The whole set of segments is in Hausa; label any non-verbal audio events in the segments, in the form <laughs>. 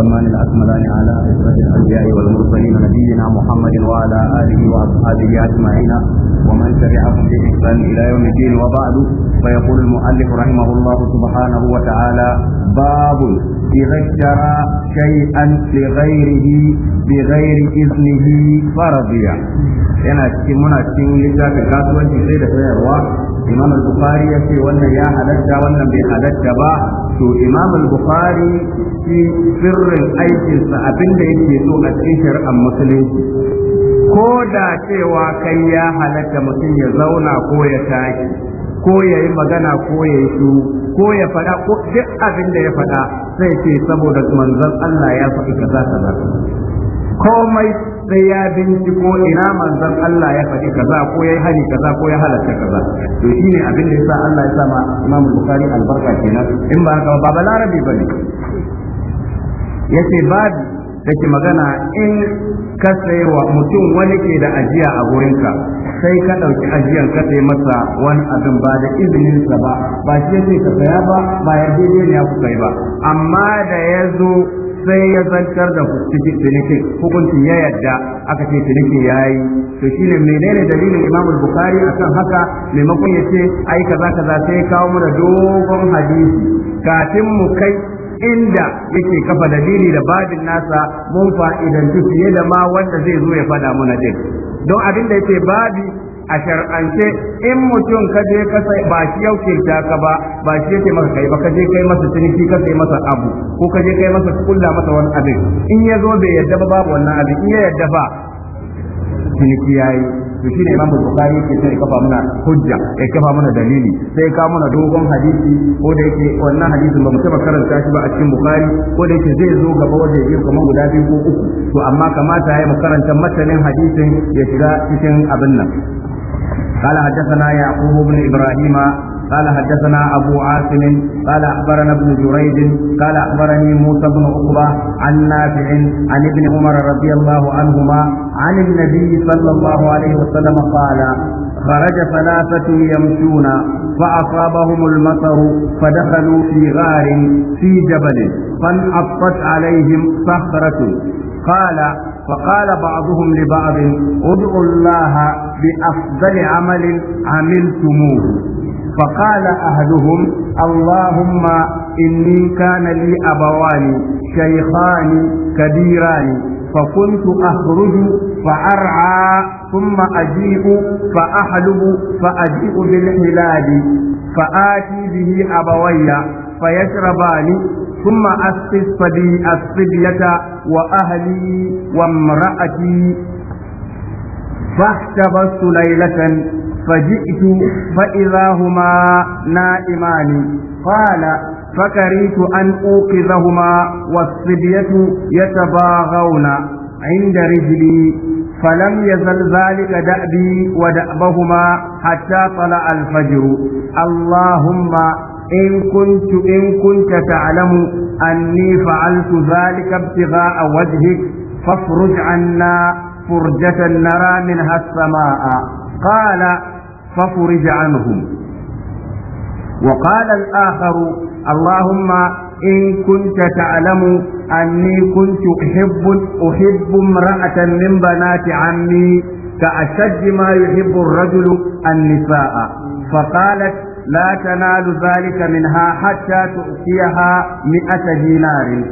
الزمان الأكملان على عزة الأنبياء والمرسلين نبينا محمد وعلى آله وأصحابه أجمعين ومن تبعهم بإحسان إلى يوم الدين وبعد فيقول المؤلف رحمه الله سبحانه وتعالى باب إذا اشترى شيئا لغيره بغير إذنه فرضيا أنا cikin muna cikin littafin kasuwanci sai da البخاري imam al-bukhari ya ce wannan ya halatta wannan bai halatta ba burin aikinsa abin da yake so a cikin shari'ar musulunci ko da cewa kai ya halatta mutum ya zauna ko ya tashi ko ya yi magana ko ya yi shu ko ya faɗa ko duk abin da ya faɗa sai ce saboda manzon Allah ya faɗi kaza kaza komai sai ya binciko ina manzon Allah ya faɗi kaza ko ya yi hari kaza ko ya halatta kaza to shine abin da sa Allah ya sa ma Imam Bukhari albarka kenan in ba haka ba ba larabi bane yace ba da ke magana in ka sai wa mutum wani ke da ajiya a gurinka sai ka ɗauki ajiyan ka sai masa wani abin ba da izininsa ba ba shi yace ka saya ba ba ya daidai ne ya ku ba amma da ya zo sai ya zartar da cikin cinikin hukuncin ya yadda aka ce cinikin ya yi to shine menene dalilin imam bukhari akan haka maimakon ya ce ai kaza kaza sai kawo mu da dogon hadisi kafin mu kai inda yake kafa dalili da babin nasa mun fa'idantu fiye da ma wanda zai zo ya fada mana din don abin da yake babi a shar'ance in mutum ka je ka sai ba shi yau kirta ka ba ba shi yake maka kai ba ka kai masa ciniki ka sai masa abu ko ka je kai masa kulla masa wani abin in ya zo bai yadda ba babu wannan abin in ya yadda ba ciniki yayi to ne imamu bukari yake sai kafa mana hujja ya kafa mana dalili sai ka mana dogon hadisi ko da yake wannan hadisin ba mu taba karanta shi ba a cikin bukari ko da yake zai zo gaba wanda yake kamar guda biyu ko uku to amma kamata ya mu karanta matanin hadisin ya shiga cikin abin nan قال حدثنا يعقوب بن ابراهيم قال حدثنا أبو عاصم قال أخبرنا ابن جريج قال أخبرني موسى بن عقبة عن نافع عن ابن عمر رضي الله عنهما عن النبي صلى الله عليه وسلم قال خرج ثلاثة يمشون فأصابهم المطر فدخلوا في غار في جبل فانحطت عليهم صخرة قال فقال بعضهم لبعض ادعوا الله بأفضل عمل عملتموه فقال أحدهم اللهم إني كان لي أبوان شيخان كبيران فكنت أخرج فأرعى ثم أجيء فأحلب فأجيء بالحلال فآتي به أبوي فيشربان ثم أسقي الصبية وأهلي وامرأتي فاحتبست ليلة فجئت فإذا هما نائمان قال فكرهت أن أوقظهما والصبية يتباغون عند رجلي فلم يزل ذلك دأبي ودأبهما حتى طلع الفجر اللهم إن كنت إن كنت تعلم أني فعلت ذلك ابتغاء وجهك فافرج عنا فرجة نرى منها السماء قال ففرج عنهم وقال الآخر اللهم إن كنت تعلم أني كنت أحب أحب امرأة من بنات عمي كأشد ما يحب الرجل النساء فقالت لا تنال ذلك منها حتى تؤتيها مئة دينار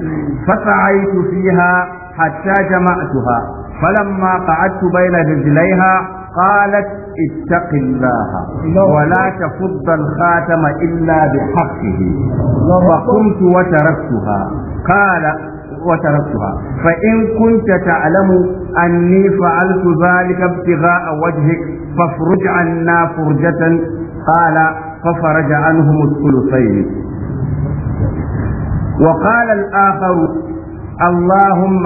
فسعيت فيها حتى جمعتها فلما قعدت بين رجليها قالت اتق الله ولا تفض الخاتم إلا بحقه فقمت وتركتها قال وتركتها فإن كنت تعلم أني فعلت ذلك ابتغاء وجهك فافرج عنا فرجة قال ففرج عنهم الثلثين وقال الآخر اللهم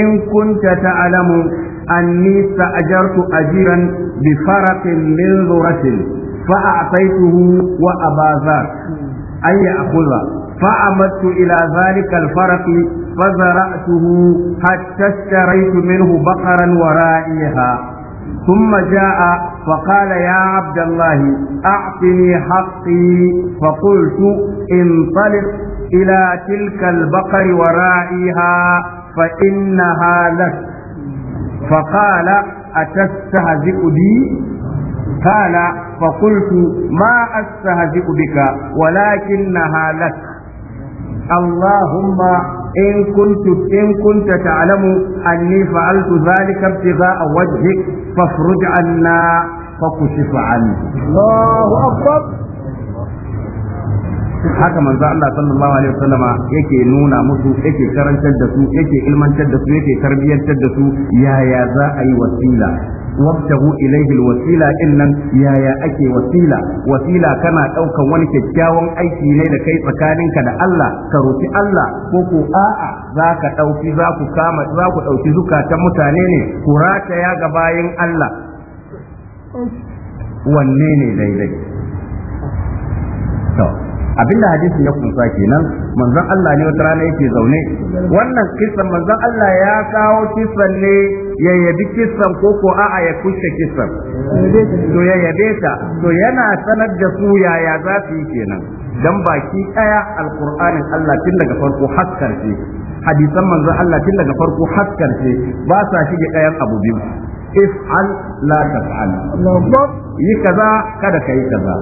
إن كنت تعلم أني استأجرت أجيرا بفرق من ذرة فأعطيته وأبا ذر أن يأخذه فعمدت إلى ذلك الفرق فزرعته حتى اشتريت منه بقرا ورائيها ثم جاء فقال يا عبد الله أعطني حقي فقلت انطلق إلى تلك البقر ورائيها فإنها لك فقال أتستهزئ بي قال فقلت ما أستهزئ بك ولكنها لك اللهم إن كنت إن كنت تعلم أني فعلت ذلك ابتغاء وجهك فافرج عنا فكشف عنه الله أكبر haka manzo Allah sallallahu alaihi wasallam yake nuna musu yake karantar da su yake ilmantar da su yake tarbiyyantar da su yaya za a yi wasila wabtahu ilaihi alwasila innan yaya ake wasila wasila kana daukan wani kyakkyawan aiki ne da kai tsakaninka da Allah ka roki Allah ko ko a'a za ka dauki za ku kama za dauki zukatan mutane ne ku rataya ga bayin Allah wanne ne daidai to abinda hadisin ya kunsa kenan manzon Allah ne wata rana yake zaune wannan kisan manzon Allah ya kawo kisan ne ya yabi kisan ko ko a'a ya kushe kisan to ya yabe ta to yana sanar da su yaya za su yi kenan dan baki daya alqur'anin Allah tun daga farko har karshe hadisan manzon Allah tun daga farko har karshe ba sa shige ɗayan abu biyu if'al la taf'al yi kaza kada kai kaza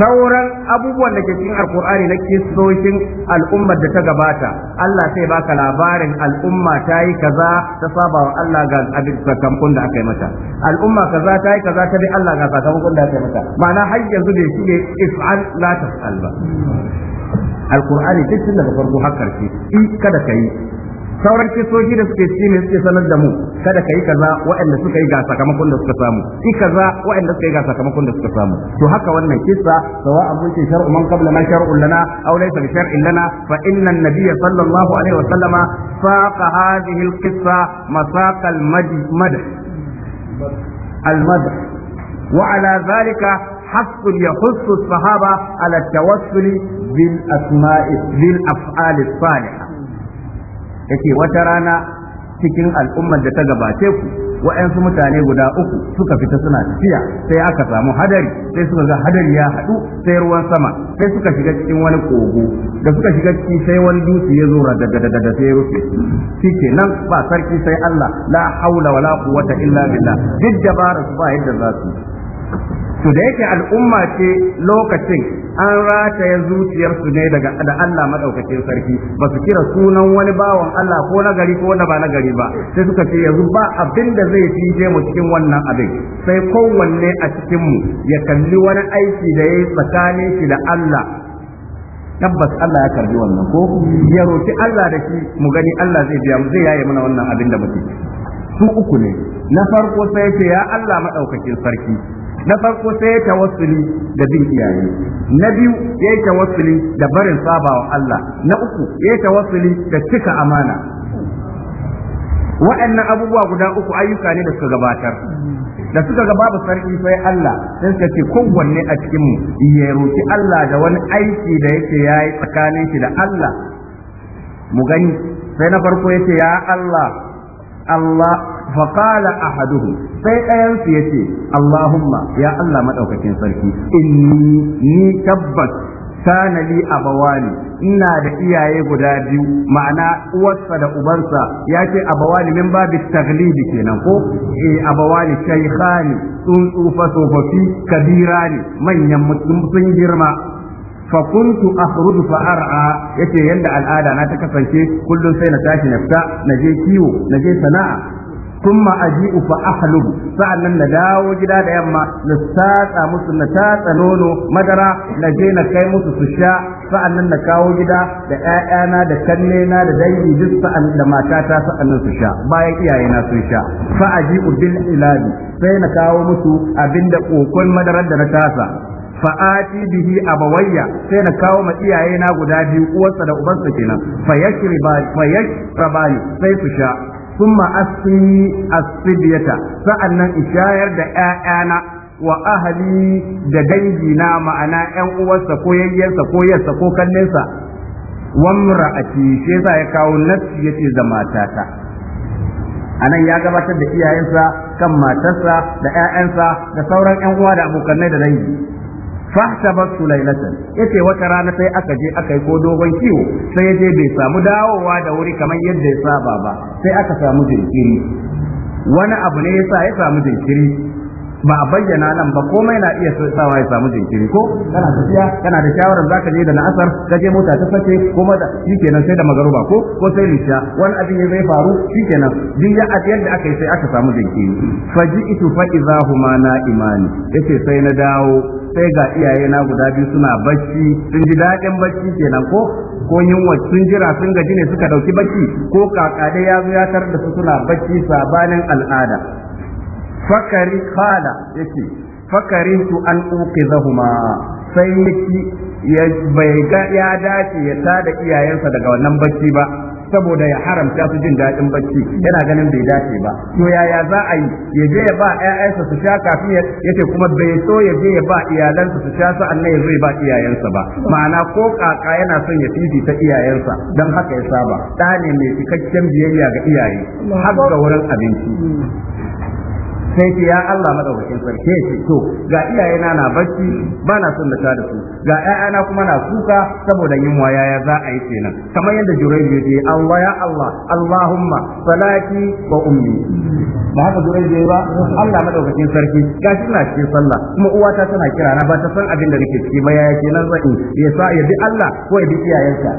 sauran abubuwan da ke cikin alkur'ani na kissoshin al'ummar da ta gabata Allah sai baka labarin al'umma ta yi kaza ta saba wa Allah ga abin sakamakon da aka yi mata al'umma kaza ta yi kaza ta bi Allah ga sakamakon da aka yi mata ma'ana har yanzu bai shi ne if'al la tas'al ba alkur'ani duk tun daga farko har karshe in kada ka yi sauran kisoji da suke ci ne suke sanar da mu kada ka yi kaza waɗanda suka yi ga sakamakon da suka samu yi kaza waɗanda suka yi ga sakamakon da suka samu to haka wannan kissa sawa abun ce shar'u man qabla ma shar'u lana aw laysa bi shar'in lana fa inna an-nabiyya sallallahu alaihi wa sallama saqa hadhihi al-qissa masaqa al-madh al-madh وعلى ذلك حق يخص الصحابة على التوسل بالأسماء بالأفعال الصالحة yace wata rana cikin al'ummar da ta gabace ku wa'yansu mutane guda uku suka fita suna tafiya sai aka samu hadari sai suka ga hadari ya haɗu sai ruwan sama sai suka shiga cikin wani kogo da suka shiga ciki sai wani dutse ya zo da sai rufe shi ke nan ba sarki sai Allah la haula wala quwwata illa billah duk dabara su ba yadda za su to da yake al'umma ce lokacin an rataya zuciyarsu ne daga da Allah madaukakin sarki ba su kira sunan wani bawan Allah ko na gari ko na ba na gari ba sai suka ce yanzu ba abin da zai fije mu cikin wannan abin sai kowanne a cikin mu ya kalli wani aiki da yayi tsakanin shi da Allah tabbas Allah ya karbi wannan ko ya roki Allah da shi mu gani Allah zai biya mu zai yaye mana wannan abin da muke su uku ne na farko sai ce ya Allah madaukakin sarki na farko sai ya tawassuli da bin iyaye na biyu ya yi tawassuli da barin sabawa Allah na uku ya yi tawassuli da cika amana waɗannan abubuwa guda uku ayyuka ne da suka gabatar da suka ga babu sarki sai Allah sai suka ce kowanne a cikin mu ya roki Allah da wani aiki da yake yayi tsakanin shi da Allah mu gani sai na farko yace ya Allah Allah فقال أحدهم سيئا سيتي Allahumma, ya Allah ما sarki. تنصركي ni tabbas تبت كان a أبواني ina da iyaye guda biyu ma'ana uwarsa da ubansa ya ce abawani min babi taglidi kenan ko e abawani shaykhani sun tsufa tsofaffi kabira ne manyan sun girma فكنت اخرج فارعى yace yanda al'ada na ta kasance kullum sai na tashi na fita na je kiwo na je sana'a ثم أجيء فأحلب فعلا نداو جدا يما نساتا مسو نساتا نونو مدرا نجينا كي مسو سشا فأنا نكاو جدا دا آيانا دا كنينا دا دايين جد فأنا دا ماتاتا فأنا سشا باي ايانا سشا فأجيء بالإلاد فين كاو مسو أبند أوكل مدرا دا نتاسا fa'ati bihi abawayya sai na kawo ma iyaye na guda biyu uwarsa da ubansa kenan fa yashrabani sai su sha Suma asme asibiyata, sa'ad nan in shayar da 'ya'yana wa ahali da dangi na ma'ana 'yan uwarsa, ko yanyansa, ko yarsa, ko kallensa, wamma a cikin shi ya ya kawo na siya shi matata, anan ya gabatar da iyayensa, kan matarsa, da 'ya'yansa, da sauran 'yan uwa da abokanai da dangi. fahtabastu sulailatan yace wata rana sai aka je aka yi ko dogon kiwo sai je bai samu dawowa da wuri kamar yadda ya saba ba sai aka samu jinkiri wani abu ne yasa ya samu jinkiri ba a bayyana nan ba komai na iya sawa ya samu jinkiri ko kana tafiya kana da shawarar zaka je da na'asar ka je mota ta sace kuma da shikenan sai da magaruba ko ko sai lisha wani abin zai faru shikenan kenan ya a yadda aka yi sai aka samu jinkiri faji'tu fa idza huma imani yace sai na dawo sai ga iyaye na guda biyu suna bacci sun ji daɗin bacci kenan ko ko yunwa sun jira sun gaji ne suka dauki bacci ko kakade ya zo ya da su suna bacci sabanin al'ada fakari kala yace fakarin tu an zahuma sai yake ya bai ya dace ya tada iyayensa daga wannan bacci ba saboda ya haramta su jin daɗin bacci yana ganin bai dace ba to yaya za a yi ya je ya ba ƴaƴansa su sha kafin ya kuma bai so ya je ya ba iyalansa su sha sa'an nan ya zai ba iyayensa ba ma'ana ko kaka yana son ya ta iyayensa don haka ya saba ɗane ne mai cikakken biyayya ga iyaye har ga wurin abinci sai ce ya Allah madaukakin sarki ya ce to ga iyayena na bacci ba na son da da su ga ƴaƴana kuma na kuka saboda yunwa yaya za a yi kenan kamar yadda Jurayj ya ce Allah ya Allah Allahumma salati wa ummi ba haka Jurayj ya ba Allah madaukakin sarki ga shi na cikin sallah kuma uwata tana kira na ba ta san abin da nake ciki ba yaya kenan zan ya sa ya bi Allah ko ya bi iyayensa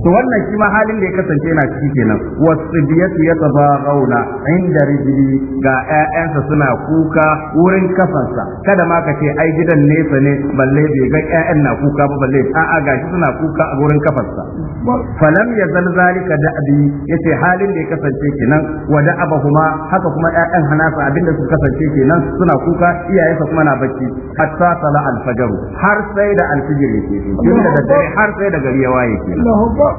to wannan shi ma halin da ya kasance yana ciki kenan wasu wasbiyatu yatabaghauna inda rijli ga ƴaƴansa suna kuka wurin kafansa kada ma ka ce ai gidan nesa ne balle bai ga ƴaƴan na kuka ba balle a'a gashi suna kuka a wurin kafansa falam yazal zalika da'bi yace halin da ya kasance kenan wa da'abahuma haka kuma ƴaƴan hanasa abinda su kasance kenan suna kuka iyayensa kuma na bacci hatta sala al-fajr har sai da al-fajr yake da dare har sai da gari ya waye kenan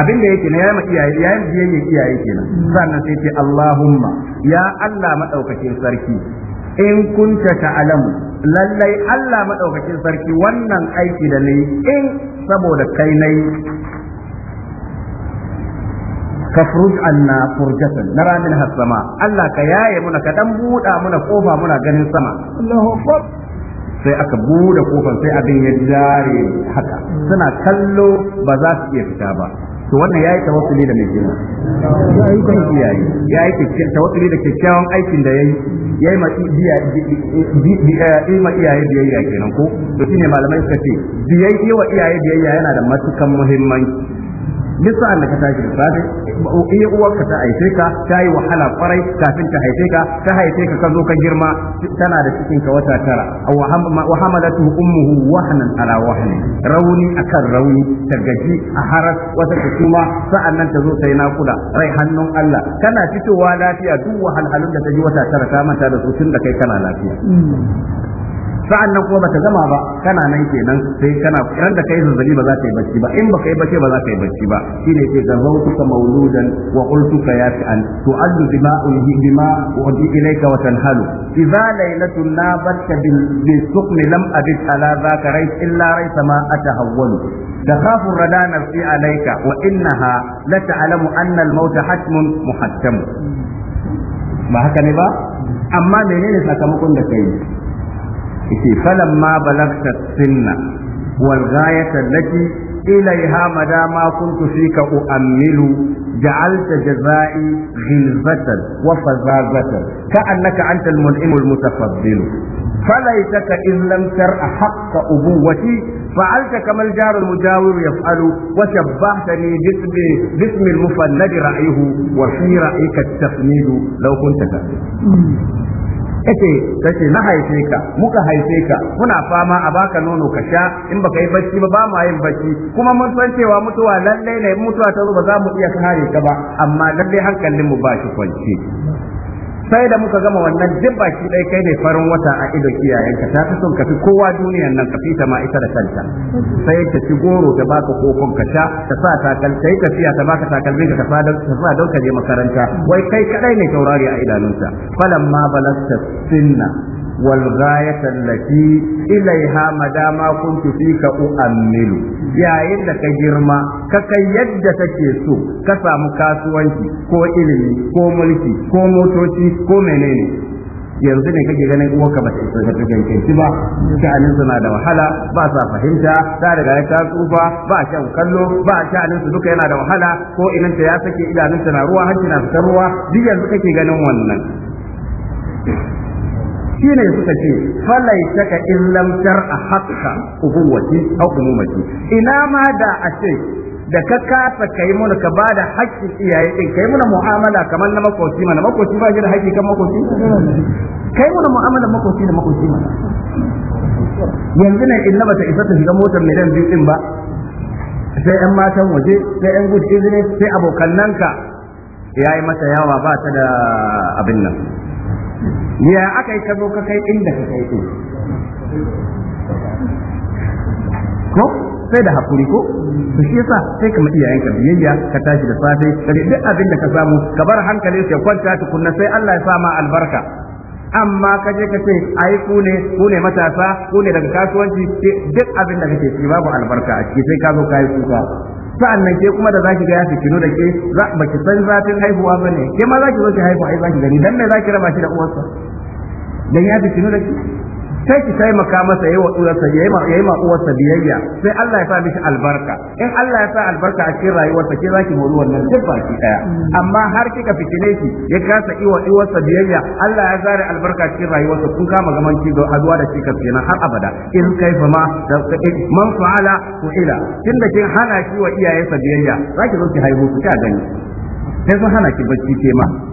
abin da yake na yayi ma iyaye yayi biyayya iyaye kenan sannan sai ce Allahumma ya Allah madaukakin sarki in kunta ta'lamu lallai Allah madaukakin sarki wannan aiki da ni in saboda kai nayi kafruj anna furjatan nara min hasama Allah ka yaye muna ka dan buda muna kofa muna ganin sama Allahu akbar sai aka bude kofar sai abin ya dare haka suna kallo ba za su iya fita ba to wannan yayi tawassuli da mai gina ayyukan yayi tawassuli da kyakkyawan aikin da yayi yayi ma iyaye eh, iyaye biyayya kenan ko to shine malamai suka ce biyayya wa iyaye biyayya yana da matukan muhimmanci duk sa'an da ka tashi da safe iya ka ta haife ka ta yi wahala kwarai kafin ta haife ka ta haife ka ka zo ka girma tana da cikin ka wata tara wa hamalatu ummuhu wahnan ala wahni rauni akan rauni ta gaji a haras wata ta kuma sa'an nan ta zo ta na kula, rai hannun Allah kana fitowa lafiya duk wahalhalun da ta ji wata tara ta manta da su tun da kai kana lafiya hmm. sa'an nan kuma bata zama ba kana nan kenan sai kana ran da kai zazzabi ba za ka yi bacci ba in baka yi bacci ba za ka yi bacci ba shine sai gazautuka mauludan wa qultuka ya fi'an tu'addu bima ulhi bima udi ilayka wa tanhalu idza laylatun nabatka bil suqm lam abid ala zaka rais illa rais ma atahawwalu تخاف الردى نفسي عليك وإنها لتعلم أن الموت حتم محتم ما هكذا ba amma menene sakamakon da kai yake falan ma balagta sinna wal gayata ma ilaiha madama kuntu fika uammilu ja'alta jaza'i ghilzatan wa fazazatan ka annaka anta al mun'im al a falaitaka ubu, lam tar'a haqq ubuwati فعلت كما الجار المجاور يفعل وشبهتني باسم باسم المفند رأيه وفي رأيك التفنيد لو كنت تفنيد yace kace na haife ka muka haife ka muna fama a baka nono ka sha in baka yi bacci ba ba mu yin bacci kuma mun san cewa mutuwa lalle ne mutuwa ta zo ba za mu iya kare ka ba amma lalle hankalin mu ba shi kwance sai da muka gama wannan duk baki dai kai ne farin wata a ido iyayenka ta fi son ka fi kowa duniyan nan ka fi ta ma ita da kanta sai ta ci goro ta baka kokon ka sha ta sa takal ka fiya ta baka takalmi ka fa ta sa ka je makaranta wai kai kadai ne taurari a idanunta falamma balasta sinna والغاية التي إليها مدام كنت فيك أؤمل يا إلا كجرما ككي يد تكيسو كسا مكاسوانتي كو إلمي كو ملكي كو موتوتي كو منيني yanzu ne kake ganin uwarka ba ta isa ta ganganci ba sha'anin suna da wahala ba sa fahimta ta riga ta tsufa ba shan kallo ba sha'anin su duka yana da wahala ko idan ta ya sake idanun ta na ruwa hanci na ruwa duk yanzu kake ganin wannan shine suka ce saka in lam tar'a hakka ubuwati aw umumati ina ma da a ce da ka kafa kai mun ka bada haƙƙin iyaye din kai mun mu'amala kamar na makoci mana makoci ba shi da haƙƙi kan makoci kai mun mu'amala makoci da makoci mana yanzu ne in bata isa ta shiga motar miliyan biyu din ba sai yan matan waje sai yan gudu izini sai abokan nanka ya yi mata yawa ba ta da abin nan ya aka yi ka zo ka kai inda ka kai ko sai da hakuri ko to shi yasa sai ka iyayen ka biyayya ka tashi da safe ka duk abin da ka samu ka bar hankalin ka kwanta tukunna sai Allah ya sa ma albarka amma ka je ka ce ai ku ne ku ne matasa ku ne daga kasuwanci duk abin da kake ci babu albarka a ciki sai ka zo kai kuka sa'annan ke kuma da zaki ga ya kino da ke ba ki san zafin haihuwa bane ke ma zaki zo ki haihu ai zaki gani dan me zaki raba shi da uwarsa dan ya fitinu da shi sai ki taimaka masa yayi wa uwarsa yayi ma uwarsa biyayya sai Allah ya sa mishi albarka in Allah ya sa albarka a cikin rayuwarsa ke zaki ruwan wannan duk ki daya amma har kika fitine shi ya kasa iwa uwarsa biyayya Allah ya zare albarka cikin rayuwarsa kun kama gaman ki da azuwa da kika kenan har abada in kaifa ma da eh, man fa'ala ila tunda kin hana shi wa iyayensa biyayya zaki zo ki haihu ki gani sai sun hana ki bacci ke ma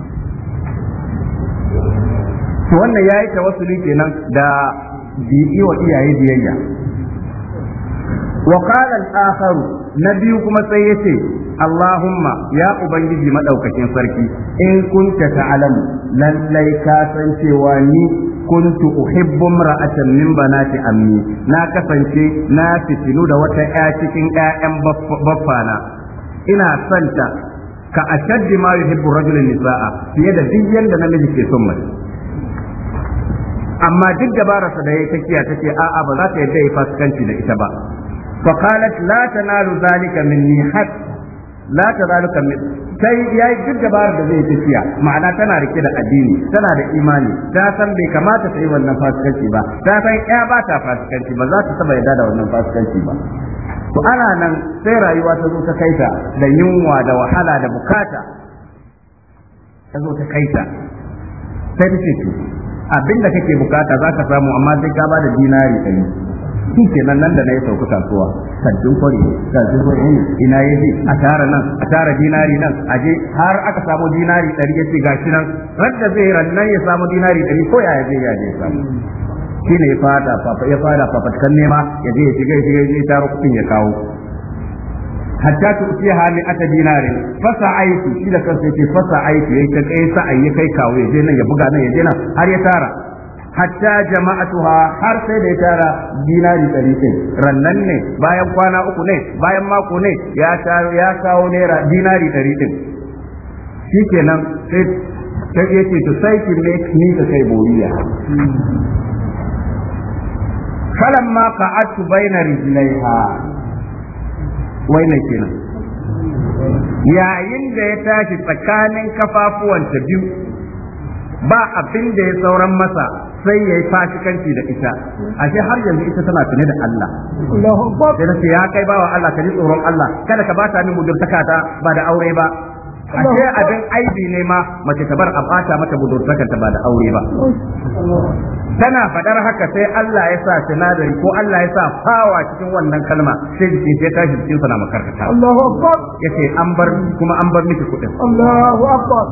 to wannan yayi tawassuli kenan da bi wa iyaye biyayya wa qala al-akhar kuma sai yace Allahumma ya ubangiji madaukakin sarki in kunta ta'lam lallai ka san cewa ni kuntu uhibbu ra'atan min banati ammi na kasance na fitinu da wata ƴa cikin ƴaƴan baffana ina santa ka ashaddi ma yuhibbu rajulun nisa'a fiye da duk yanda namiji ke son mace amma duk dabararsa da ya takiya ta ce a'a ba za ta yadda ya fasikanci da ita ba fa qalat la tanalu zalika minni hat la tanalu kam kai yayi duk dabarar da zai tafiya ma'ana tana rike da addini tana da imani ta san bai kamata ta yi wannan fasikanci ba ta san ya ba ta fasikanci ba za ta taba yadda da wannan fasikanci ba to ana nan sai rayuwa ta zo ta kaita da yunwa da wahala da bukata ta zo ta kaita sai ta ce abin da kake bukata za ka samu amma sai ka bada dinari ɗari Su ke nan nan da na yi sauka kasuwa sabbin kwari sabbin kwari hmm, ina ya ce a tara nan a tara dinari nan a je har aka samu dinari ɗari ya ce ga shi nan radda zai nan ya samu dinari ɗari ko yaya zai yaje ya samu shi ne ya fada ya fada nema ya je ya shiga ya shiga ya taro ya kawo hatta ta uce ha ata dinarin fasa aiki shi da kansa yake fasa aiki yayi ta kai sa ayi kai kawo ya je nan ya buga nan ya je nan har ya tara hatta jama'atuha har sai da ya tara dinari ɗari ɗin rannan ne bayan kwana uku ne bayan mako ne ya ya naira dinari ɗari ɗin shikenan sai ta yace to sai ki ne ni ka kai boriya hmm. falamma qa'atu bayna rijlaiha wainan kenan yayin da ya tashi tsakanin kafafuwanta biyu ba abin da ya sauran masa sai ya yi fasikanci da ita ashe har yanzu ita tana tune da Allah da sai ya kai bawa Allah ka ji tsoron Allah kada ka bata min mudurtaka ta ba da aure ba ashe abin aibi ne ma mace ta bar a bata mata budurtakanta ba da aure ba tana fadar haka sai Allah ya sa sinadari ko Allah ya sa fawa cikin wannan kalma sai jikin sai tashi jikin sa na makarkata Allahu akbar yace an bar kuma an bar miki kudin Allahu akbar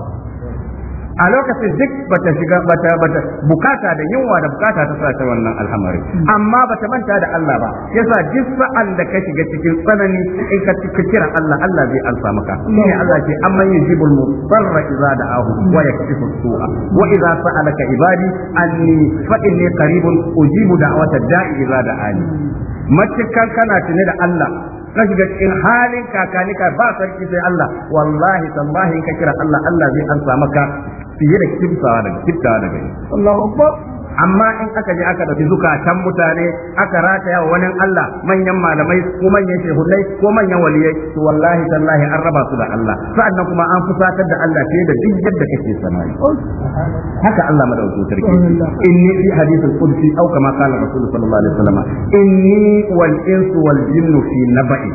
a lokacin duk bata shiga bata bata bukata da yunwa da bukata ta sa wannan alhamari amma bata manta da Allah ba yasa duk sa'an da ka shiga cikin tsanani in ka kira Allah Allah zai alsa maka ne Allah ce amman yujibul mudarra idza da'ahu wa yakshifu su'a wa idza sa'alaka ibadi anni fa inni qaribun ujibu da'wata da'i idza da'ani matukan kana tune da Allah ka shiga cikin halin kakanika ba sarki sai Allah wallahi tallahi ka kira Allah Allah zai ansa maka fiye da kibtawa daga kibtawa daga Allahu akbar amma in aka je aka ɗauki zukatan mutane aka rataya wa wani Allah manyan malamai ko manyan shehunai ko manyan waliyai to wallahi tallahi an raba su da Allah sa'annan kuma an fusatar da Allah fiye da duk yadda kake samari haka Allah madaukakin sarki inni fi hadithul qudsi aw kama qala rasul sallallahu alaihi wasallam inni wal insu wal jinnu fi naba'i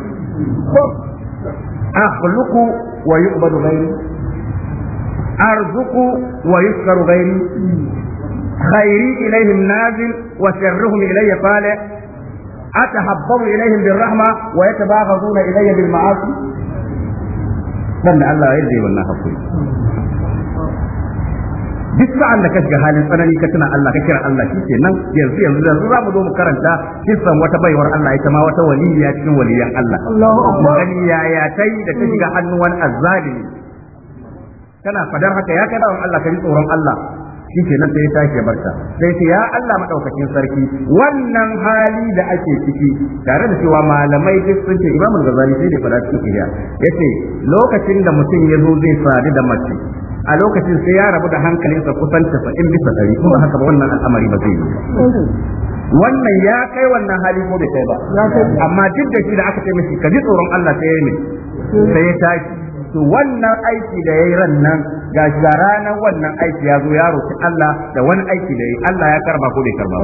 akhluqu wa yu'badu ghairi arzuqu wa yuskaru ghairi خيري إليهم نازل وسرهم إلي طالع أتحبب إليهم بالرحمة ويتباغضون إلي بالمعاصي لأن الله يرضي والله حقيقي duk sa'an da ka shiga halin tsanani ka tuna Allah ka kira Allah shi ke nan yanzu yanzu yanzu za mu zo mu karanta kisan wata baiwar Allah ita ma wata waliya cikin waliyan Allah gani yaya tai da ta shiga hannun azzalimi tana fadar haka ya kai bawan Allah ka ji tsoron Allah nan sai ya tashi ya barta sai ce ya Allah madaukakin sarki wannan hali da ake ciki tare da cewa malamai duk sun ce Imam Ghazali sai da fara ciki Ya yace lokacin da mutum ya zo zai sadu da mace a lokacin sai ya rabu da hankalinsa kusan 90 bisa 100 kuma haka ba wannan al'amari ba zai yi wannan ya kai wannan hali ko bai kai ba amma duk da shi da aka ce mishi ka ji tsoron Allah sai ya yi sai ya tashi to wannan aiki da yayi ran nan ga ranar wannan aiki ya zo ya roki Allah da wani aiki da yayi Allah ya karba ko bai karba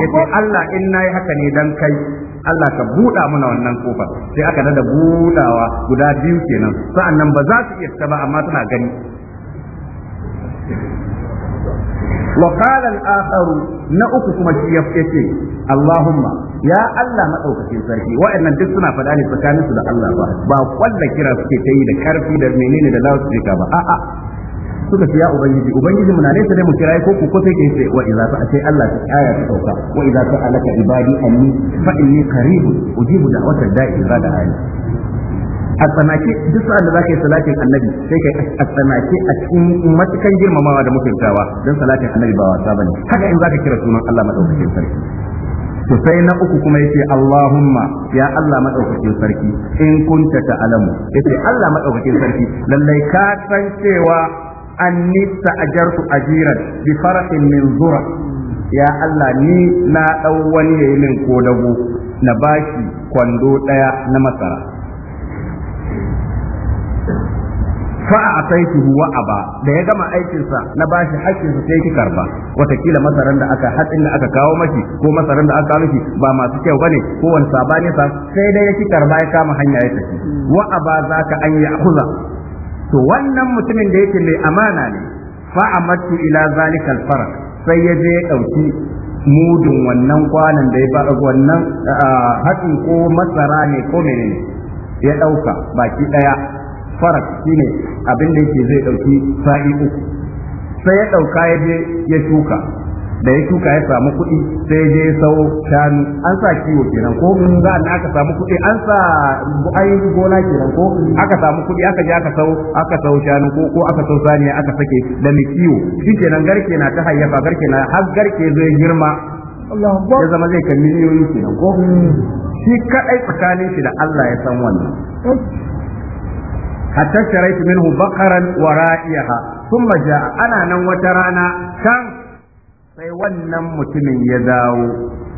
to Allah in na yi haka ne dan kai Allah ka buɗa mana wannan kofa sai aka da buɗawa guda biyu kenan sa'annan ba za su iya ba amma tana gani وقال الآخر نأككم الشيف يتي اللهم يا الله ما أوكك سرحي وإن الدسنا فداني سكاني سدى الله با ولا كرا سكتي دا كرفي da منين دا لاو سكا ba? آآ suka ce ya ubangiji ubangiji muna nesa da mu kira ko ku kofe ke ce wa idza ta'ati Allah ta aya ta sauka wa idza ta'alaka ibadi anni fa inni qarib ujibu da'wata da'i idza da'ani a tsanake duk sa'an da zaka yi salatin annabi sai kai a tsanake a cikin matukan girmamawa da mutuntawa don salatin annabi ba wasa bane haka in zaka kira sunan Allah madaukakin sarki to sai na uku kuma yace Allahumma ya Allah madaukakin sarki in kunta ta'lamu yace Allah madaukakin sarki lallai ka san cewa anni sa'ajartu ajiran bi farahin min zura ya Allah ni na dau wani yayin min kodago na bashi kwando daya na masara fa'ataituhu wa aba da ya gama aikinsa sa na bashi haƙƙin sa sai ki karba watakila masaran da aka hatsin da aka kawo mashi ko masaran da aka kawo mashi ba masu kyau ba ne, ko wani sabani sa sai dai ya ki karba ya kama hanya ya tafi wa aba zaka an ya khuza to wannan mutumin da yake mai amana ne fa'amatu ila zalikal farq sai ya je ya ɗauki mudun wannan kwanan da ya ba wannan ah, hatsin ko masara ne ko menene ya ɗauka baki ɗaya. farak shine abin da yake zai dauki sa'i uku sai ya dauka ya je ya tuka da ya tuka ya samu kuɗi sai je ya sau shanu an sa kiwo kenan ko za a aka samu kuɗi an sa ayi gona kenan ko aka samu kuɗi aka je aka sau aka sau shanu ko ko aka sau saniya aka sake da mai kiwo shi kenan garke na ta hayyafa garke na har garke zai girma ya zama zai kan miliyoyi kenan ko mm. shi kadai tsakanin shi da Allah ya san wannan حتى شريت منه بقرا ورائها ثم جاء انا ana nan wata rana kan sai wannan mutumin ya dawo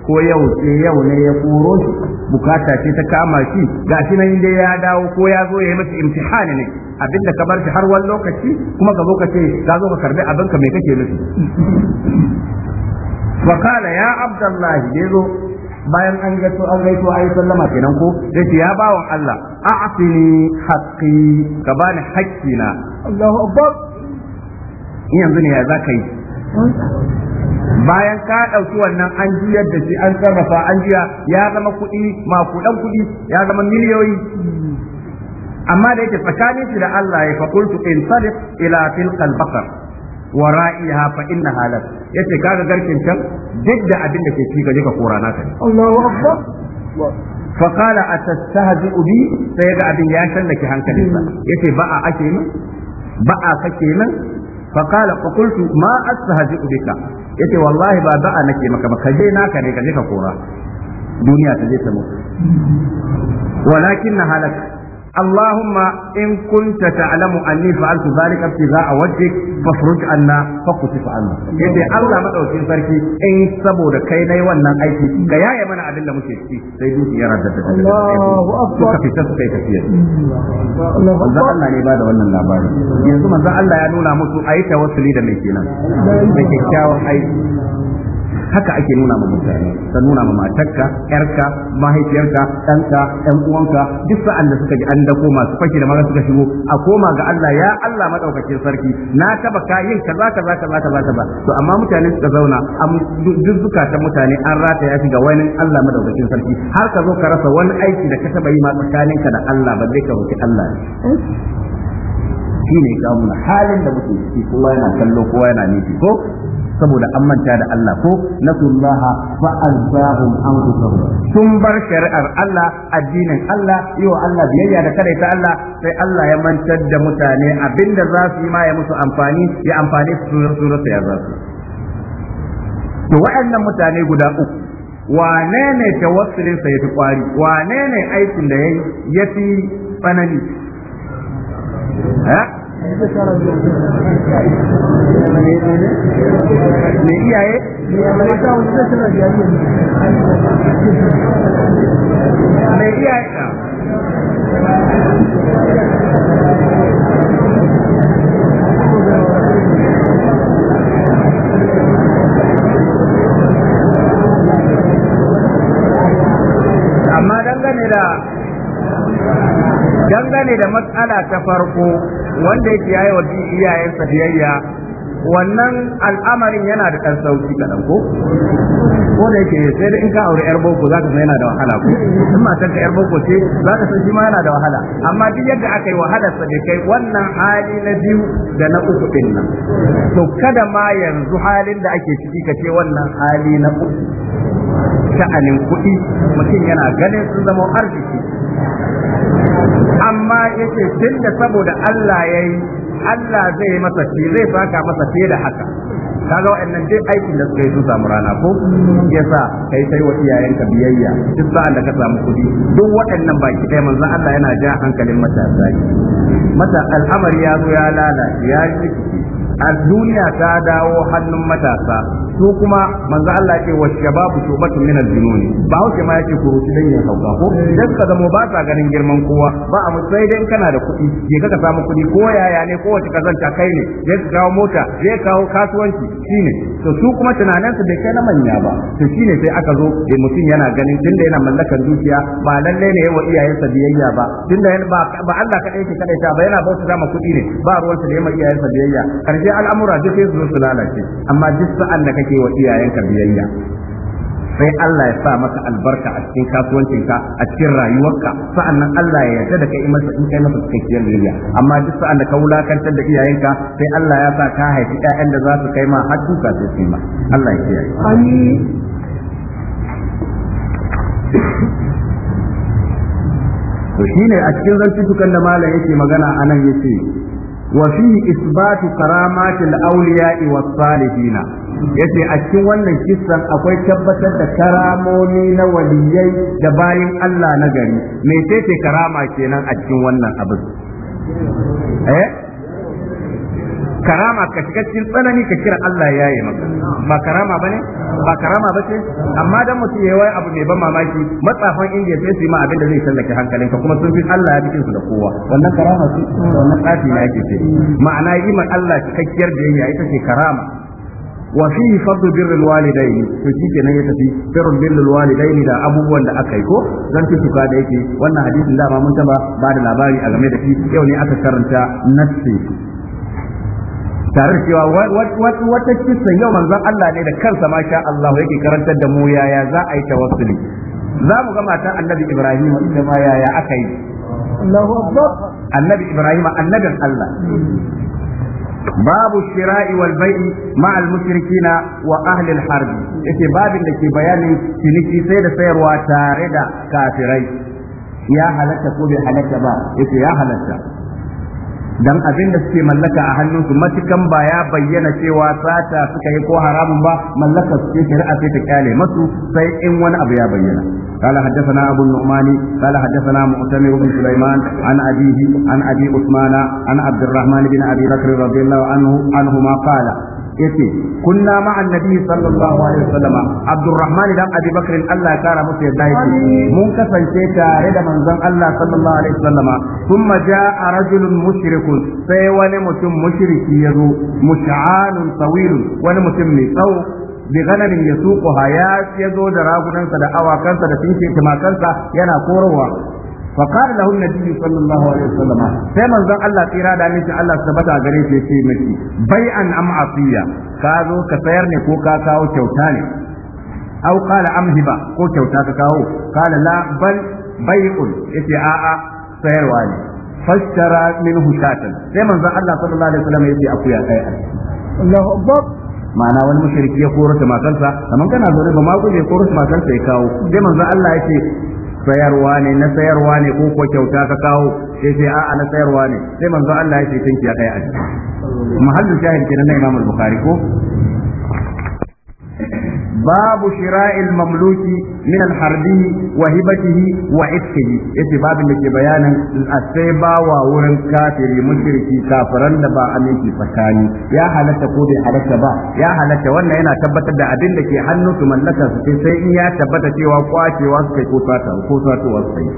ko yau ce yau ne ya koro shi bukata ce ta kama shi shi nan dai ya dawo ko ya zo ya yi masa imtihani ne abinda ka bar shi har wani lokaci kuma ka zo ka ce ka zo ka karbi abinka mai kake nufi فقال ya abdullahi ne zo bayan an gaito an gaito ayi sallama kenan ko ce ya bawan Allah a'tini haqqi ka bani haqqina Allahu akbar yanzu ne ya zaka yi bayan ka ɗauki wannan an jiyar da shi an sarrafa an jiya ya zama kuɗi makudan kuɗi ya zama miliyoyi amma da yake tsakanin shi da Allah ya qultu in salif ila tilqal baqar wa ra'iha fa inna halat yace kaga garkin can duk da abin da ke ci gaje ka kora na naka Allahu akbar fa qala atastahzi'u bi sai ga abin ya shallake hankalinsa yace ba a ake min ba a kake min fa qala fa qultu ma astahzi'u bika yace wallahi ba ba'a nake maka ba kaje naka ne kaje ka kora duniya ta je ta mutu <laughs> walakin halaka اللهم إن كنت تعلم أني فعلت ذلك ابتغاء وجهك فافرج عنا فقطف عنا يدي الله ما دوكي سركي إن سبو دا كي ناي wannan aiki ga yaya mana abin da muke ciki sai duki ya radda da Allahu akbar suka fitar kai tafiya manzon Allah ba da wannan labari yanzu manzon Allah ya nuna musu ayi tawassuli da mai kenan da kyakkyawan aiki haka ake nuna ma mutane ka nuna ma matarka yarka mahaifiyarka ɗanka ɗan uwanka duk sa'an da suka ji an dako masu fashi da mara suka shigo a koma ga Allah ya Allah madaukakin sarki na taba kayin kaza kaza kaza kaza kaza to amma mutane suka zauna a duk zukatan mutane an rata ya shiga wani Allah madaukakin sarki har ka zo ka rasa wani aiki da ka taba yi ma tsakaninka da Allah ba zai ka roki Allah shi ne ga halin da mutum ciki kowa yana kallo kowa yana nufi ko saboda an manta da Allah ko nasullaha fa alzahum anfusahum sun bar shari'ar Allah addinin Allah yiwa Allah biyayya da kare ta Allah sai Allah ya mantar da mutane abinda za su yi ma ya musu amfani ya amfani su surar ya za su to waɗannan mutane guda uku wane ne tawassulin sa yafi kwari wane ne aikin da yayi yafi tsanani eh? mai iyaye mai iyaye amma dangane da dangane da matsala ta farko wanda yake yayi wa iyayensa biyayya wannan al'amarin yana da ɗan sauki kaɗan ko ko da yake sai da in ka aure yar boko za ka san yana da wahala ko in matar ka yar boko ce za ka san shi ma yana da wahala amma duk yadda aka yi wahalar sa kai wannan hali na biyu da na uku din nan to kada ma yanzu halin da ake ciki ka ce wannan hali na uku sha'anin kuɗi mutum yana ganin sun zama arziki amma yake da saboda Allah ya yi, Allah zai yi masa shi zai saka masa fiye da haka kaga wa'annan dai aikin da suka yi sun samu rana ko ya sa yasa yi sai wa iyayenka biyayya duk sa'an da ka samu kudi duk waɗannan baki ɗaya manzon Allah yana ja hankalin matasa mata al'amari ya zo ya lalace ya rikici a duniya ta dawo hannun matasa su kuma manzo Allah yake wa shababu shubatun min al-jununi ba hauke ma yake kuruci dan yin hauka ko idan ka zama ba ganin girman kowa ba a sai dan kana da kuɗi je ka samu kuɗi ko yaya ne ko wace kazanta kai ne je ka kawo mota je ka kawo kasuwanci shine to su kuma tunanin su bai kai na manya ba to shine sai aka zo da eh, mutum yana ganin tunda yana mallakar dukiya ba lalle ne yawa iyayensa biyayya ba tunda ba Allah kadai ke kadai ta ba yana bauta sama kuɗi ne ba ruwansa da yawa iyayensa biyayya karshe al'amura duk sai su zo su lalace amma duk sa'an da kake wa iyayenka biyayya sai Allah ya sa maka albarka a cikin kasuwancinka a cikin rayuwarka sa'annan Allah ya yarda da kai masa in kai masa cikakkiyar biyayya amma duk sa'an da ka wulakantar da iyayenka sai Allah ya sa ka haifi 'ya'yan da za su kai ma har duka sai su ma Allah ya kiyaye amin to shine a cikin zantukan da malam yake magana anan yake وفيه إثبات كرامات الأولياء والصالحين yace a cikin wannan kissan akwai tabbatar da karamomi na waliyai da bayin Allah na gari me ce karama kenan a cikin wannan abin eh karama ka shiga cikin tsanani ka kira Allah ya yi maka ba karama ne? ba karama ce? amma dan mutum yayi wai abu mai ban mamaki matsafan indiya sai su yi ma abin da zai sallake hankalinka kuma sun fi Allah ya bi su da kowa wannan karama ce wannan tsafi ya yake ce ma'ana yi ma Allah cikakkiyar biyayya ita ce karama wa fi fadlu birrul walidayn to kike nan ya tafi birrul birrul walidayn da abubuwan da aka yi ko zan ci tuka da yake wannan hadisin da ma mun taba ba da labari a game da shi yau ne aka karanta nasi tare da cewa wata kisan yau manzon Allah ne da kansa masha Allah yake karantar da mu yaya za a yi tawassuli za mu ga matan annabi Ibrahim ita ma yaya aka yi Allahu akbar annabi Ibrahim annabin Allah babu shira'i wal bai'i ma al mushrikina wa ahli al harb yake babin da ke bayanin ciniki sai da sayarwa tare da kafirai ya halatta ko bai halatta ba yake ya halatta dan abin da suke mallaka a hannunsu matukan ba ya bayyana cewa sata suka yi ko haramun ba mallaka su ce shari'a sai ta kyale masu sai in wani abu ya bayyana قال حدثنا أبو النعمان قال حدثنا مؤتمر بن سليمان عن أبيه عن أبي عثمان عن عبد الرحمن بن أبي بكر رضي الله عنه عنهما قال yace kunna ma annabi sallallahu alaihi wasallam abdurrahman dan abi bakr Allah kara masa yadda yake mun kasance tare da manzon Allah sallallahu alaihi wasallam thumma jaa rajulun mushrikun sai wani mutum mushriki yazo mush'anun tawilun wani mutum mai tsawo بغنم يسوقها يا يزو دراغنن da ragunansa da awakansa da كما كنسا yana كوروا فقال له النبي صلى الله عليه وسلم sai manzon Allah tsira da miki Allah tabbata gare shi yace miki bai'an am asiya ka zo ka sayar ne ko ka kawo kyauta ne aw qala am ko kyauta ka kawo qala la bal bai'un yace a a sayarwa ne fashtara minhu shatan sai manzon Allah akuya ma'ana wani mushriki ya korota matarsa kamar kana zaune ba ma ya korota matarsa ya kawo sai manzon Allah ce. sayarwa ne na sayarwa ne ko ko kyauta ka kawo sai sai a'a na sayarwa ne sai manzo Allah ya ce tinki ya kai a mahallin shahid kenan na Imam Bukhari ko babu shira'il mamluki min al-harbi wa hibatihi wa ifkihi yace babin da ke bayanin sai bawa wurin kafiri mushriki kafiran da ba aminci tsakani ya halatta ko bai halatta ba ya halatta wannan yana tabbatar da abin da ke hannu su mallaka su sai ya tabbata cewa kwacewa su kai ko sata ko satowa su kai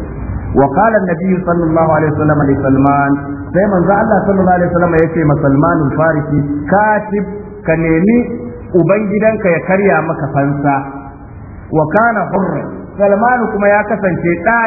وقال النبي صلى الله عليه وسلم لسلمان سيما الله صلى الله عليه وسلم يتي مسلمان الفارسي كاتب ka nemi ubangidanka ya karya maka fansa wa kana hurra salmanu kuma ya kasance ɗa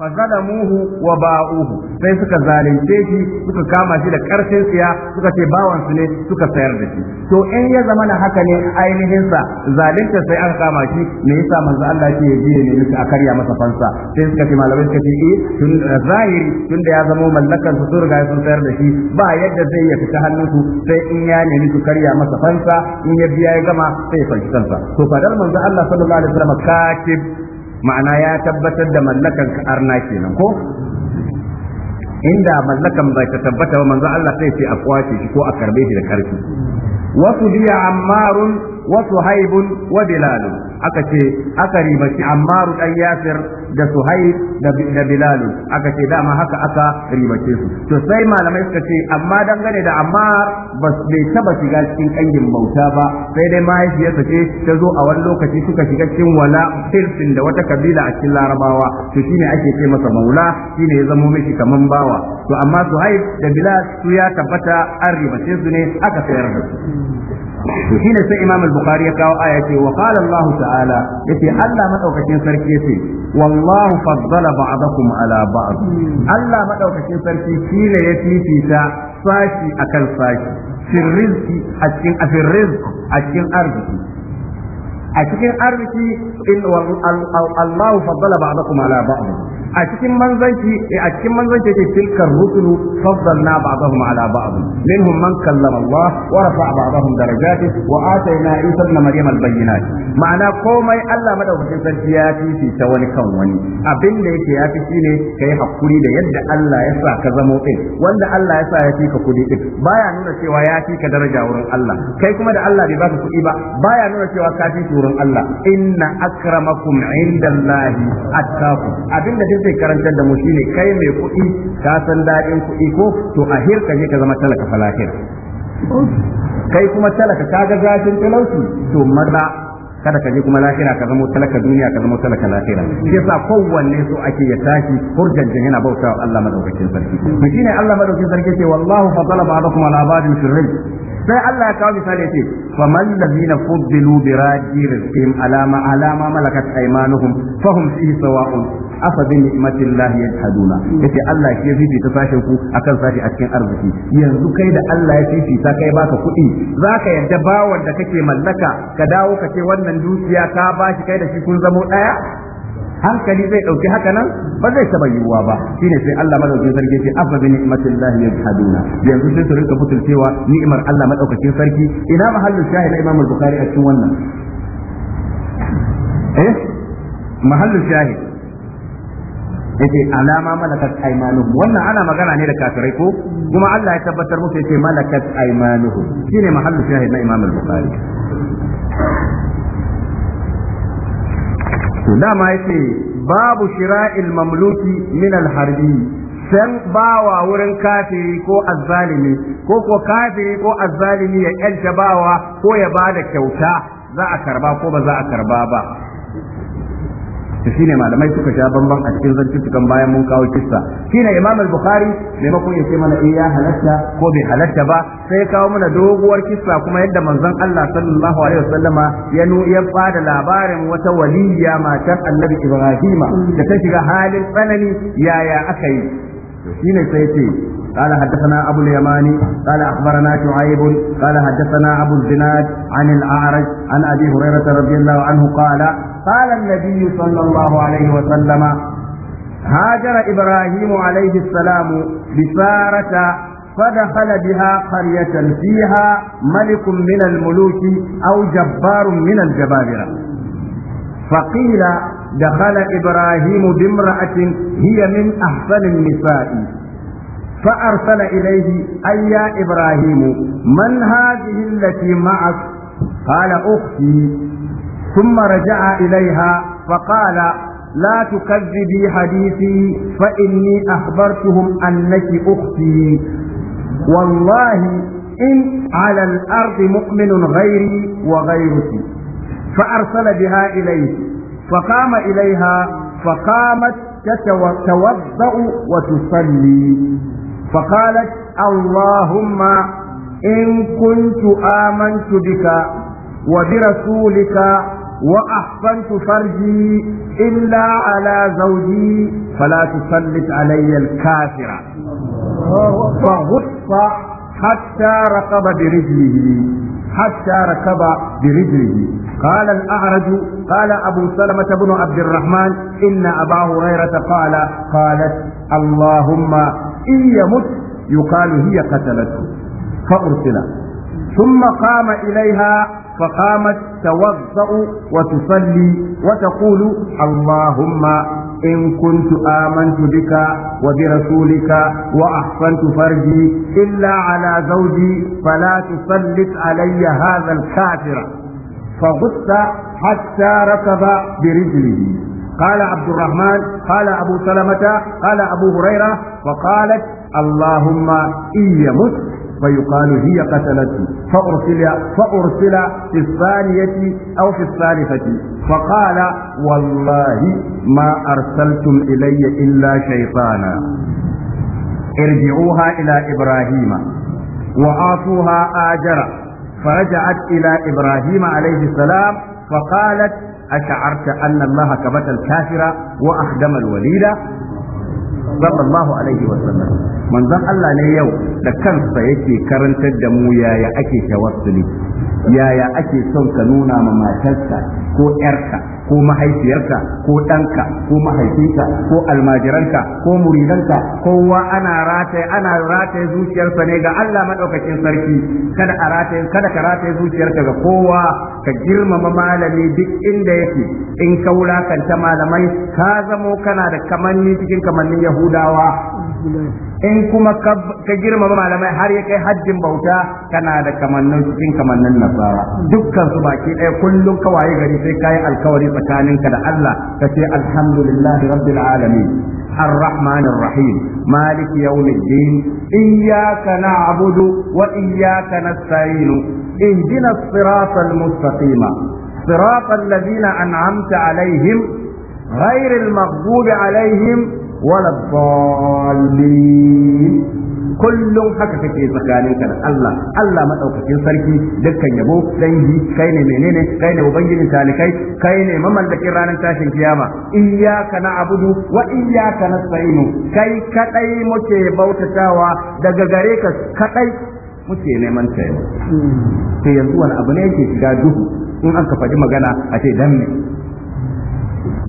fazalamuhu wa ba'uhu sai suka zalunce shi suka kama shi da karfin siya suka ce bawan su ne suka sayar da shi to in ya zama na haka ne ainihin sa zalunta sai aka kama shi me yasa manzo Allah ke ji ne miki a karya masa fansa sai suka ce malamai suka ce eh tun eh, zahiri tun da ya zama mallakan su surga su sayar da shi ba yadda zai ya fita hannun su sai in ya ne su karya masa fansa in ya biya ya gama sai ya fanci kansa to fadar manzo Allah sallallahu alaihi wasallam katib ma'ana ya tabbatar da mallakan arna kenan ko inda mallakan bai ta tabbata ba manzo Allah sai ce a kwace shi ko a karbe shi da karfi wasu biya ammarun wasu haibun wa bilalun aka ce aka ribaci ammaru dan yasir da suhai da bilal aka ce dama haka aka ribace su to sai malamai suka ce amma dangane da ammar ba bai taba shiga cikin kangin bauta ba sai dai mahaifiyarsa ce ta zo a wani lokaci suka shiga cikin wala filfin da wata kabila a cikin larabawa to shine ake ce masa maula shine ya zamo mishi kaman bawa to amma suhaib da bilal su ya tabbata an ribace su ne aka sayar da su to shine sai imam al-bukhari ya kawo aya ce wa qala allah ta'ala ta'ala yace Allah madaukakin sarki yace wallahu faddala ba'dakum ala ba'd Allah madaukakin sarki shine ya fifita sashi akan sashi fil rizqi a cikin afir rizq a cikin arziki a cikin arziki in Allah faddala ba'dakum ala ba'd a cikin manzanci a cikin manzanci yake tilkar rusulu faddalna ba'dahum ala ba'd minhum man kallama Allah wa rafa'a ba'dahum darajati wa atayna Isa ibn Maryam al-bayyinat ma'ana komai Allah madaukakin sarki ya ta wani kan wani abin da yake ya fi shine kai hakuri da yadda Allah ya sa ka zamo din wanda Allah ya sa ya fi ka kudi din baya nuna cewa ya fi ka daraja wurin Allah kai kuma da Allah bai baka kuɗi ba baya nuna cewa ka fi wurin Allah inna akramakum indallahi attaqu abin da zai karantar da mu shine kai mai kuɗi ka san daɗin kuɗi ko to a hirka ka zama talaka falakin kai kuma talaka kaga zafin talauci to maza kada ka je kuma lahira ka zama talaka duniya ka zama talaka lahira shi yasa kowanne so ake ya tashi hurjanjin yana bautawa Allah madaukakin sarki to shine Allah madaukakin sarki ce wallahu fadala ba'dakum ala ba'din fil sai Allah ya kawo misali yace faman ladina fuddilu bi rajirihim alama alama malakat aymanuhum fahum fihi sawa'un afa bi ni'matillahi yajhaduna yace Allah ke fifita sashin ku akan sashi a cikin arziki yanzu kai da Allah ya fifita kai baka kuɗi zaka yadda bawan da kake mallaka ka dawo ka ce wannan dukiya ka bashi kai da shi kun zamo daya hankali zai ɗauki haka nan ba zai taɓa yiwuwa ba shine sai Allah madaukakin sarki ce afa bi ni'matillahi yajhaduna yanzu sai su rinka cewa ni'imar Allah madaukakin sarki ina mahallin shahid Imam al Bukhari a cikin wannan eh mahallin shahid yace alama malakat aymanuhum wannan ana magana ne da kafirai ko kuma Allah ya tabbatar musu yace malakat aymanuhum shine mahallin shahid na Imam al Bukhari to dama yace babu shira'il mamluki min al-harbi san bawa wurin kafiri ko azzalimi ko ko kafiri ko azzalimi ya yanta bawa ko ya bada kyauta za a karba ko ba za a karba ba to shine malamai suka sha bamban a cikin zantukan bayan mun kawo kissa shine imam al-bukhari maimakon ya ce mana eh ya halatta ko bai halatta ba sai kawo mana doguwar kissa kuma yadda manzon Allah sallallahu alaihi wasallama ya nu ya bada labarin wata waliyya matar annabi Ibrahim da ta shiga halin tsanani yaya aka yi shine sai ce قال حدثنا أبو اليماني قال أخبرنا شعيب قال حدثنا أبو الزناد عن الأعرج عن أبي هريرة رضي الله عنه قال قال النبي صلى الله عليه وسلم هاجر إبراهيم عليه السلام بسارة فدخل بها قرية فيها ملك من الملوك أو جبار من الجبابرة فقيل دخل إبراهيم بامرأة هي من أحسن النساء فأرسل إليه أي يا إبراهيم من هذه التي معك قال أختي ثم رجع إليها فقال لا تكذبي حديثي فإني أخبرتهم أنك أختي والله إن على الأرض مؤمن غيري وغيرك فأرسل بها إليه فقام إليها فقامت تتوضأ وتصلي فقالت اللهم إن كنت آمنت بك وبرسولك وأحصنت فرجي إلا على زوجي فلا تسلط علي الكافرة فغص حتى ركب برجله حتى ركب برجله قال الأعرج قال أبو سلمة بن عبد الرحمن إن أبا هريرة قال قالت اللهم إن يمت يقال هي قتلته فأرسل ثم قام إليها فقامت توضأ وتصلي وتقول اللهم إن كنت آمنت بك وبرسولك وأحسنت فرجي إلا على زوجي فلا تسلط علي هذا الكافر فغث حتى ركب برجله قال عبد الرحمن قال أبو سلمة قال أبو هريرة وقالت اللهم إن يمت فيقال هي قتلته فأرسل فأرسل في الثانية أو في الثالثة فقال والله ما أرسلتم إلي إلا شيطانا ارجعوها إلى إبراهيم وعافوها آجرا فرجعت إلى إبراهيم عليه السلام فقالت أشعرت أن الله كبت الكافر وأخدم الوليد sallallahu alaihi wa sallam manzon Allah ne yau da kansa yake karantar da mu yaya ake tawassuli yaya ake son ka nuna ma matarka ko yarka ko mahaifiyarka ko ɗanka ko mahaifinka ko almajiranka ko muridanka kowa ana rataye ana rataye zuciyarsa ne ga Allah madaukakin sarki kada a rataye kada ka rataye zuciyarka ga kowa ka girmama malami duk inda yake in ka wulakanta malamai ka zamo kana da kamanni cikin kamannin yahudawa in kuma ka girmama malamai har ya kai haddin bauta kana da kamannin cikin kamannin nasara dukkan su baki ɗaya kullum ka waye gari sai kayi alkawari tsakaninka da Allah ka ce alhamdulillahi rabbil alamin الرحمن الرحيم مالك يوم الدين إياك نعبد وإياك نستعين اهدنا الصراط المستقيم صراط الذين أنعمت عليهم غير المغضوب عليهم ولا الضالين kullum haka kake tsakanin ka da Allah Allah madaukakin sarki dukkan yabo dangi kai ne menene kai ne ubangijin talikai kai ne mamallakin ranar tashin kiyama iyyaka na'budu wa iyyaka nasta'in kai kadai muke bautatawa daga gare ka kadai muke neman taimako to yanzu wani abu ne yake shiga duhu in an ka faɗi magana a ce dan me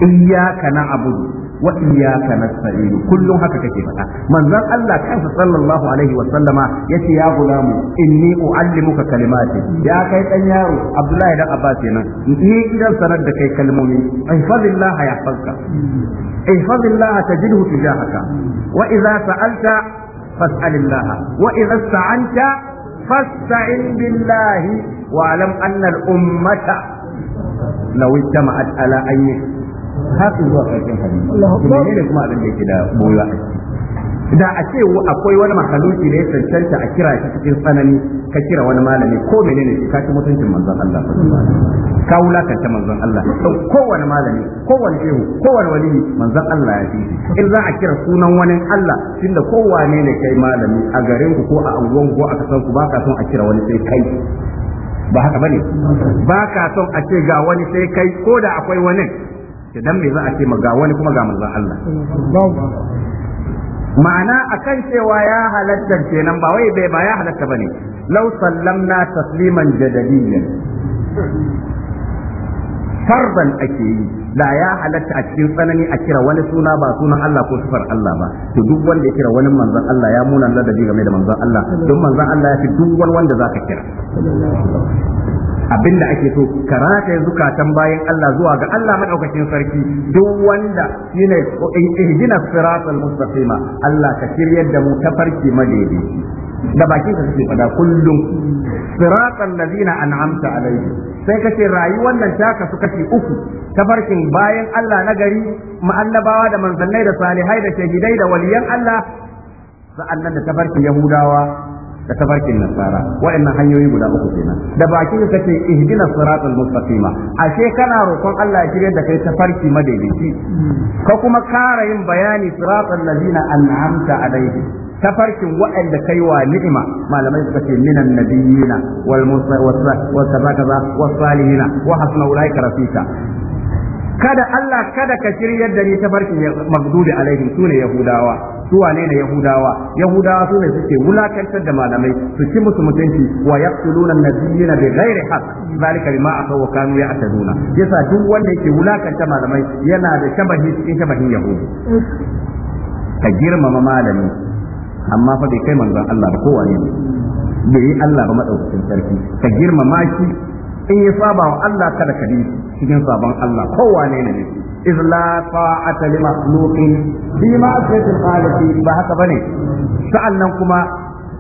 iyyaka na'budu wa iyyaka nasta'in kullum haka kake faɗa manzon Allah kansa sallallahu alaihi wa sallama yace ya gulamu inni uallimuka kalimati ya kai dan yaro Abdullahi dan Abbas kenan ni idan sanar da kai kalmomi ihfazillah yahfazka ihfazillah tajidhu tujahaka wa idza sa'alta fas'alillah wa idza ista'anta فاستعن بالله واعلم أن الأمة لو اجتمعت على أن حافظوا على الحديث. الله أكبر. da a ce akwai wani makaluki ne cancanta a kira shi cikin tsanani ka kira wani malami ko menene ka ci mutuncin manzon Allah ka wula wulakanta manzon Allah ko kowane malami kowane shehu kowane wali manzon Allah ya fi in za a kira sunan wani Allah tunda kowane ne kai malami a garin ku ko a anguwan ku a kasan ku ba ka son a kira wani sai kai ba haka bane ba ka son a ce ga wani sai kai ko da akwai wani dan me za a ce ga wani kuma ga manzon Allah ma'ana akan cewa ya halatta kenan ba wai bai ba ya halatta bane law sallamna tasliman jadaliyan farban ake yi da ya halatta a cikin tsanani a kira wani suna ba sunan Allah ko sifar Allah ba to duk wanda ya kira wani manzon Allah ya muna ladabi game da manzon Allah don manzon Allah ya fi duk wanda zaka kira abinda ake so ka rataya zukatan bayan Allah zuwa ga Allah madaukakin sarki duk wanda shine ihdina siratal mustaqima Allah ka shiryar da mu tafarki madaidaici da bakin ka kake fada kullum siratal ladina an'amta alaihi sai kace rayuwar nan ta su kashi uku tafarkin bayan Allah na gari ma'annabawa da manzannai da salihai da shahidai da waliyan Allah sa'annan da tafarkin Yahudawa da tafarkin nasara wa'annan hanyoyi guda uku kenan da baki ka ce ihdina siratal mustaqima ashe kana roƙon Allah ya shirye da kai tafarki madaidaici ka kuma kara yin bayani siratal ladina an'amta alaihim tafarkin waɗanda kai wa ni'ima malamai suka ce minan nabiyina wal musa wa kaza wa salihina wa hasna ulaika kada Allah kada ka shiryar da ni ta barkin magdubi alaihim ne yahudawa su wane ne yahudawa yahudawa su sune suke wulakantar da malamai su ci musu mutunci wa yaqtuluna nabiyina bi ghairi haqq zalika bima akaw wa kanu ya'taduna yasa duk wanda yake wulakanta malamai yana da shabahi cikin shabahin yahudi ka girmama malami amma fa bai kai manzon Allah ba kowane ne bai yi Allah ba madaukakin sarki ka girmama shi in ya saba wa Allah kada ka bi cikin saban Allah kowane ne ne iz la ta'ata li makhluqin bi ma'siyatil khaliq ba haka bane sa'annan kuma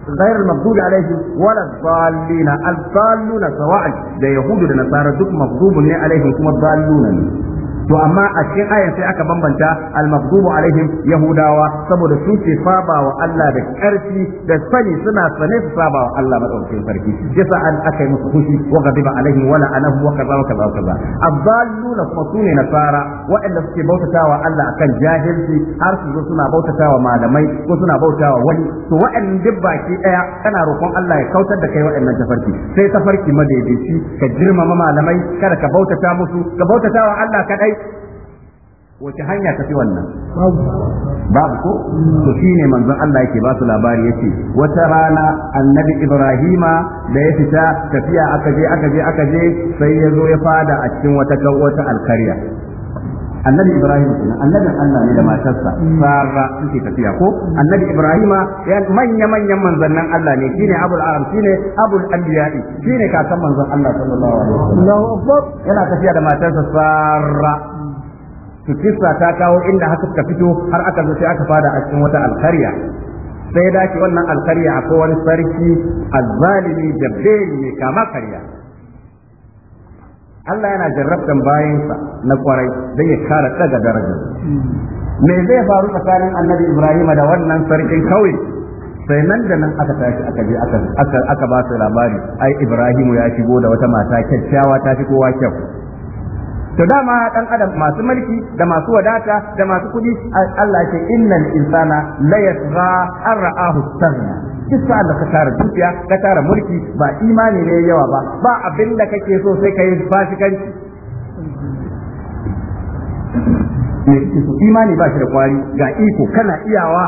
غير المغضوب عليهم ولا الضالين الضالون سواء ده يهود ده نصارى دوك مغضوب عليهم كما الضالون to amma a cikin ayan sai aka bambanta al-maghdubu alaihim yahudawa saboda su ce saba wa Allah da karfi da sani suna sane su saba wa Allah madaukakin sarki yasa an aka yi musu fushi wa ghadiba alaihim wala anahu wa kaza wa kaza wa kaza adalluna kuma sune nasara waɗanda suke bautatawa Allah akan jahilci har su zo suna bautatawa malamai ko suna bautawa wani to waɗannan duk baki daya kana roƙon Allah ya kautar da kai waɗannan tafarki sai tafarki madaidaici ka girmama malamai kada ka bautata musu ka bautatawa Allah kadai wace hanya tafi wannan babu ko to shine manzon Allah yake ba su labari yace wata rana annabi Ibrahima da ya fita tafiya aka je aka je aka je sai ya zo ya fada a cikin wata wata alkariya annabi ibrahim kenan annabin allah ne da matarsa Sarra suke tafiya ko annabi ibrahima manya manyan manzannin allah ne shine abul arab shine abul anbiya'i shine kakan manzon allah sallallahu alaihi wasallam yana tafiya da matarsa Sarra. kissa ta kawo inda haka suka fito har aka zo sai aka fada a cikin wata alkarya sai dace wannan alkarya ko wani sarki da bai ne kama karya Allah yana jarrabtan bayansa na kwarai don ya kara daga darajar me zai faru tsakanin annabi Ibrahim da wannan sarkin kawai? sai nan da nan aka tashi aka je aka ba su labari ai Ibrahim ya shigo da wata mata kyakkyawa ta fi kowa kyau to dama dan adam masu mulki da masu wadata da masu kudi Allah ke innal insana la yasgha an ra'ahu kisa da ka tara dukiya ka tara mulki ba imani ne yawa ba ba abin da kake so sai kai fasikanci ne imani ba shi da kwari ga iko kana iyawa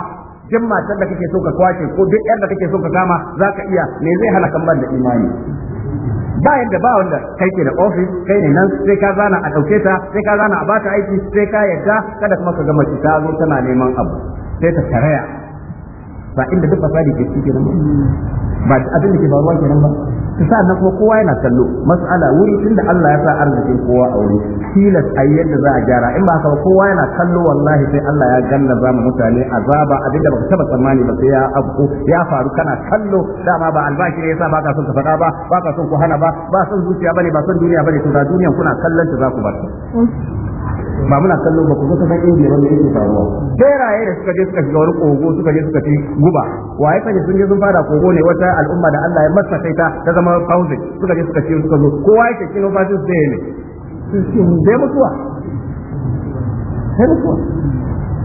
duk matar da kake so ka kwace ko duk yar da kake so ka kama za ka iya me zai hana kan ban da imani ba yadda ba wanda kai ke da ofis kai ne nan sai ka zana a ɗauke ta sai ka zana a bata aiki sai ka yadda kada kuma ka gama ta zo tana neman abu sai ta karaya ba inda duk fasadi ke ciki nan ba abin da ke faruwa kenan ba ta sa kuma kowa yana kallo mas'ala wuri tunda Allah ya sa arzikin kowa a wuri tilas a yadda za a gyara in ba haka kowa yana kallo wallahi sai Allah ya ganna za mu mutane azaba abinda baka taba tsammani ba sai ya abu ya faru kana kallo dama ba albashi ne yasa baka son ka faɗa ba baka son ku hana ba ba son zuciya bane ba son duniya bane to da duniyan kuna kallon ta za ku bar ba muna kallo ba ku ga san indiya wanda yake faruwa beraye da suka je suka shiga wani kogo suka je suka ci guba waye kaje sun je sun fara kogo ne wata al'umma da Allah ya masa kai ta ta zama fauzi suka je suka ci suka zo kowa yake cikin fatin su ne sai mutuwa sai mutuwa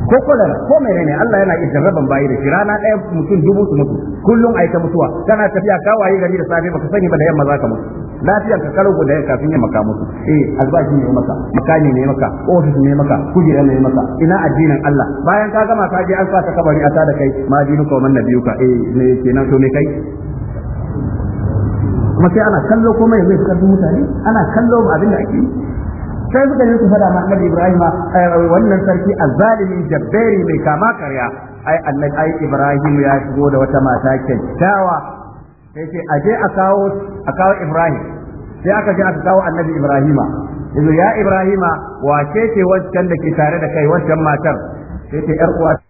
ko kolera ko menene Allah yana jarraban bayi da shi rana ɗaya mutum dubu su mutu kullum yi ta mutuwa kana tafiya ka gari da safe baka sani ba da yamma zaka mutu lafiyar ka karo guda kafin ya maka musu eh albashi ne maka makani ne maka ofis ne maka kujera ne maka ina addinin Allah bayan ka gama ka je an sa ka kabari a ta da kai ma dinu ko man biyu ka eh ne kenan to me kai kuma sai ana kallo kuma yanzu su karfin mutane ana kallo ba abin da ake sai suka yi su fada ma annabi Ibrahim eh, wannan sarki azzalimi jabbari mai kama karya ai annabi ai Ibrahim ya shigo da wata mata kyakkyawa sai ce a je a kawo a kawo Ibrahim sai aka je aka kawo Annabi Ibrahima yanzu ya Ibrahima wace ce wancan da ke tare da kai wancan matar sai ce yar uwa